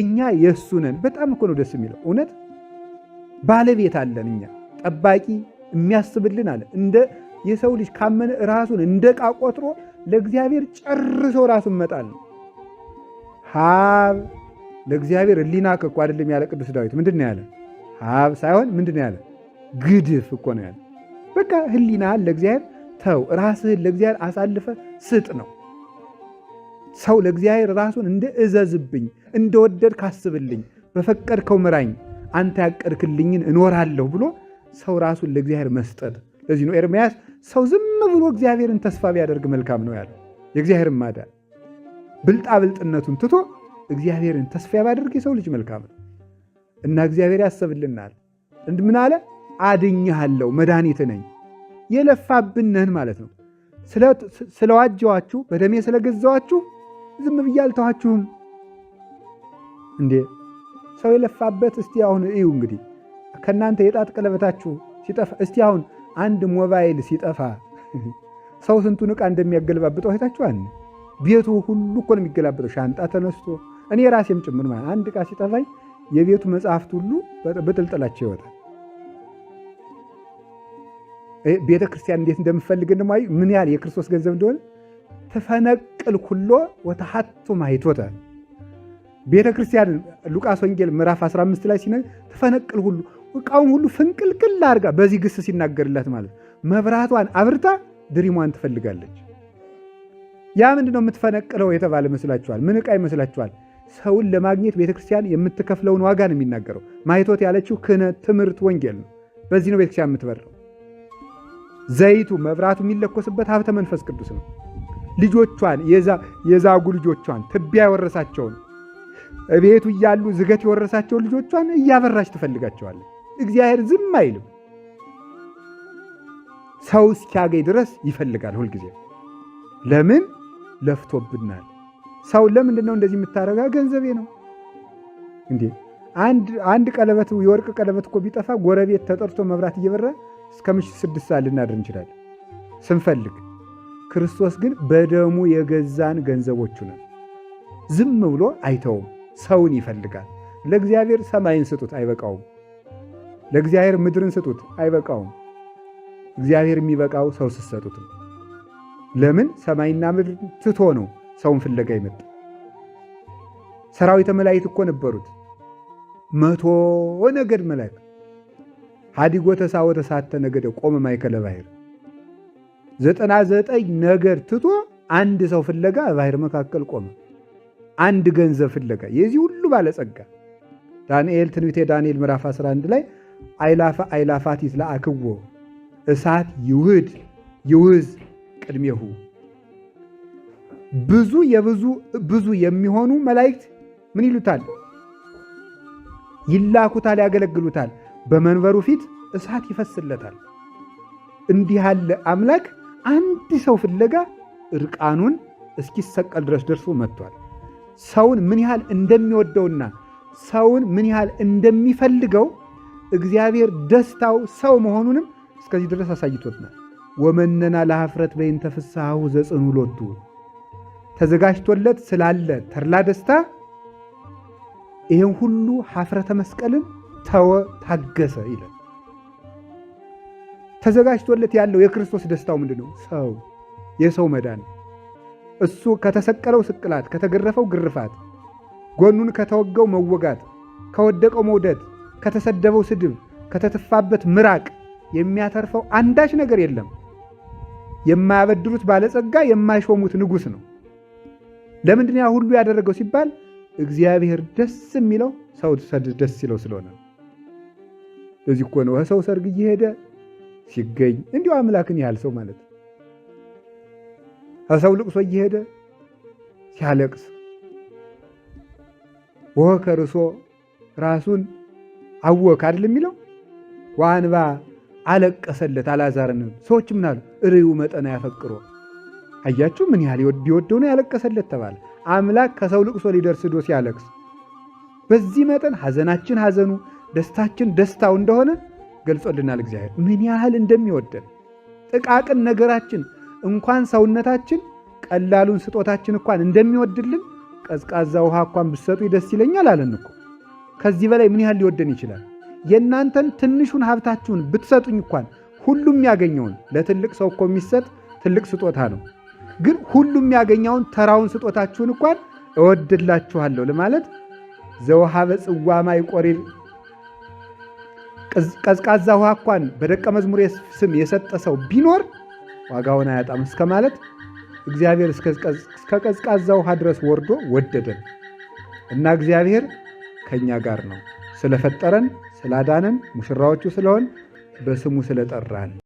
እኛ የእሱ ነን። በጣም እኮ ነው ደስ የሚለው እውነት። ባለቤት አለን እኛ ጠባቂ የሚያስብልን አለ። እንደ የሰው ልጅ ካመነ ራሱን እንደ ዕቃ ቆጥሮ ለእግዚአብሔር ጨርሶ ራሱን መጣል ነው። ሀብ ለእግዚአብሔር ሕሊና እኮ አይደለም ያለ ቅዱስ ዳዊት ምንድን ነው ያለ? ሀብ ሳይሆን ምንድን ነው ያለ? ግድፍ እኮ ነው ያለ። በቃ ሕሊናህን ለእግዚአብሔር ተው፣ ራስህን ለእግዚአብሔር አሳልፈ ስጥ ነው። ሰው ለእግዚአብሔር ራሱን እንደ እዘዝብኝ እንደ ወደድ ካስብልኝ በፈቀድከው ምራኝ አንተ ያቀድክልኝን እኖራለሁ ብሎ ሰው ራሱን ለእግዚአብሔር መስጠት። ለዚህ ነው ኤርምያስ ሰው ዝም ብሎ እግዚአብሔርን ተስፋ ቢያደርግ መልካም ነው ያለው። ማዳ ብልጣ ብልጣብልጥነቱን ትቶ እግዚአብሔርን ተስፋ ቢያደርግ የሰው ልጅ መልካም ነው እና እግዚአብሔር ያሰብልናል። ምን አለ? አድኜሃለሁ፣ መድኃኒት ነኝ። የለፋብንህን ማለት ነው ስለዋጀዋችሁ፣ በደሜ ስለገዛዋችሁ ዝም ብዬ አልተዋችሁም። እንዴ ሰው የለፋበት እስቲ አሁን እዩ እንግዲህ ከእናንተ የጣት ቀለበታችሁ ሲጠፋ እስቲ አሁን አንድ ሞባይል ሲጠፋ ሰው ስንቱን ዕቃ እንደሚያገልባብጠው አይታችኋል። ቤቱ ሁሉ እኮ ነው የሚገላበጠው። ሻንጣ ተነስቶ እኔ ራሴም ጭምር ማለት አንድ ዕቃ ሲጠፋኝ የቤቱ መጽሐፍት ሁሉ በጥልጥላቸው ይወጣል። ቤተ ክርስቲያን እንዴት እንደምፈልግ ምን ያህል የክርስቶስ ገንዘብ እንደሆነ ትፈነቅል ኩሎ ወተሐቱ ማይቶተ ቤተ ክርስቲያን ሉቃስ ወንጌል ምዕራፍ 15 ላይ ሲነ ትፈነቅል ሁሉ እቃውን ሁሉ ፍንቅልቅል አድርጋ በዚህ ግስ ሲናገርለት ማለት መብራቷን አብርታ ድሪሟን ትፈልጋለች። ያ ምንድነው የምትፈነቅለው የተባለ መስላችኋል? ምን ዕቃ ይመስላችኋል? ሰውን ለማግኘት ቤተክርስቲያን የምትከፍለውን ዋጋ ነው የሚናገረው። ማይቶት ያለችው ክህነት፣ ትምህርት፣ ወንጌል ነው። በዚህ ነው ቤተክርስቲያን የምትበረው። ዘይቱ መብራቱ የሚለኮስበት ሀብተ መንፈስ ቅዱስ ነው። ልጆቿን የዛጉ ልጆቿን ትቢያ የወረሳቸውን እቤቱ እያሉ ዝገት የወረሳቸውን ልጆቿን እያበራች ትፈልጋቸዋለች። እግዚአብሔር ዝም አይልም። ሰው እስኪያገኝ ድረስ ይፈልጋል ሁልጊዜ። ለምን ለፍቶብናል። ሰው ለምንድን ነው እንደዚህ የምታደረጋ? ገንዘቤ ነው እንዴ? አንድ ቀለበት የወርቅ ቀለበት እኮ ቢጠፋ ጎረቤት ተጠርቶ መብራት እየበራ እስከ ምሽት ስድስት ሰዓት ልናድር እንችላለን ስንፈልግ ክርስቶስ ግን በደሙ የገዛን ገንዘቦቹ ነን። ዝም ብሎ አይተውም። ሰውን ይፈልጋል። ለእግዚአብሔር ሰማይን ስጡት አይበቃውም። ለእግዚአብሔር ምድርን ስጡት አይበቃውም። እግዚአብሔር የሚበቃው ሰው ስትሰጡት ለምን ሰማይና ምድር ትቶ ነው ሰውን ፍለጋ ይመጣ። ሰራዊተ መላእክት እኮ ነበሩት፣ መቶ ነገድ መላእክት ሀዲጎ ተሳወ ተሳተ ነገደ ቆመ ማይከለ ባሕር ዘጠና ዘጠኝ ነገር ትቶ አንድ ሰው ፍለጋ በባህር መካከል ቆመ። አንድ ገንዘብ ፍለጋ የዚህ ሁሉ ባለጸጋ ዳንኤል ትንቢተ ዳንኤል ምዕራፍ 11 ላይ አይላፈ አይላፋት ይትለአክዎ እሳት ይውህድ ይውህዝ ቅድሜሁ ብዙ የብዙ ብዙ የሚሆኑ መላእክት ምን ይሉታል? ይላኩታል፣ ያገለግሉታል። በመንበሩ ፊት እሳት ይፈስለታል። እንዲህ ያለ አምላክ አንድ ሰው ፍለጋ እርቃኑን እስኪሰቀል ድረስ ደርሶ መጥቷል። ሰውን ምን ያህል እንደሚወደውና ሰውን ምን ያህል እንደሚፈልገው እግዚአብሔር ደስታው ሰው መሆኑንም እስከዚህ ድረስ አሳይቶትናል። ወመነና ለሐፍረት በይን ፍስሐሁ ዘጽኑ ሎቱ ተዘጋጅቶለት ስላለ ተድላ ደስታ ይህን ሁሉ ሐፍረተ መስቀልን ተወ፣ ታገሰ ይላል። ተዘጋጅቶለት ያለው የክርስቶስ ደስታው ምንድን ነው? ሰው የሰው መዳን እሱ ከተሰቀለው ስቅላት፣ ከተገረፈው ግርፋት፣ ጎኑን ከተወጋው መወጋት፣ ከወደቀው መውደድ፣ ከተሰደበው ስድብ፣ ከተተፋበት ምራቅ የሚያተርፈው አንዳች ነገር የለም። የማያበድሩት ባለጸጋ፣ የማይሾሙት ንጉሥ ነው። ለምንድን ያ ሁሉ ያደረገው ሲባል እግዚአብሔር ደስ የሚለው ሰው ደስ ይለው ስለሆነ። ለዚህ እኮ ነው ሰው ሰርግ እየሄደ ሲገኝ እንዲሁ አምላክን ያህል ሰው ማለት ነው። ከሰው ልቅሶ እየሄደ ሲያለቅስ ወሆ ከርሶ ራሱን አወክ አይደል የሚለው ዋንባ አለቀሰለት አላዛርን ሰዎች ምን አሉ? እርዩ መጠነ ያፈቅሮ አያችሁ፣ ምን ያህል ቢወደው ነው ያለቀሰለት ተባለ። አምላክ ከሰው ልቅሶ ሊደርስ ዶ ሲያለቅስ በዚህ መጠን ሐዘናችን ሐዘኑ ደስታችን ደስታው እንደሆነ ገልጾልናል። እግዚአብሔር ምን ያህል እንደሚወደን ጥቃቅን ነገራችን እንኳን ሰውነታችን ቀላሉን ስጦታችን እንኳን እንደሚወድልን ቀዝቃዛ ውሃ እንኳን ብሰጡ ደስ ይለኛል አለን እኮ። ከዚህ በላይ ምን ያህል ሊወደን ይችላል? የእናንተን ትንሹን ሀብታችሁን ብትሰጡኝ እንኳን ሁሉም ያገኘውን ለትልቅ ሰው እኮ የሚሰጥ ትልቅ ስጦታ ነው። ግን ሁሉም ያገኘውን ተራውን ስጦታችሁን እንኳን እወድላችኋለሁ ለማለት ዘውሃ በጽዋ ማይ ቀዝቃዛ ውሃ እንኳን በደቀ መዝሙር ስም የሰጠ ሰው ቢኖር ዋጋውን አያጣም እስከ ማለት እግዚአብሔር እስከ ቀዝቃዛ ውሃ ድረስ ወርዶ ወደደን እና እግዚአብሔር ከእኛ ጋር ነው። ስለፈጠረን ስላዳነን፣ ሙሽራዎቹ ስለሆን፣ በስሙ ስለጠራን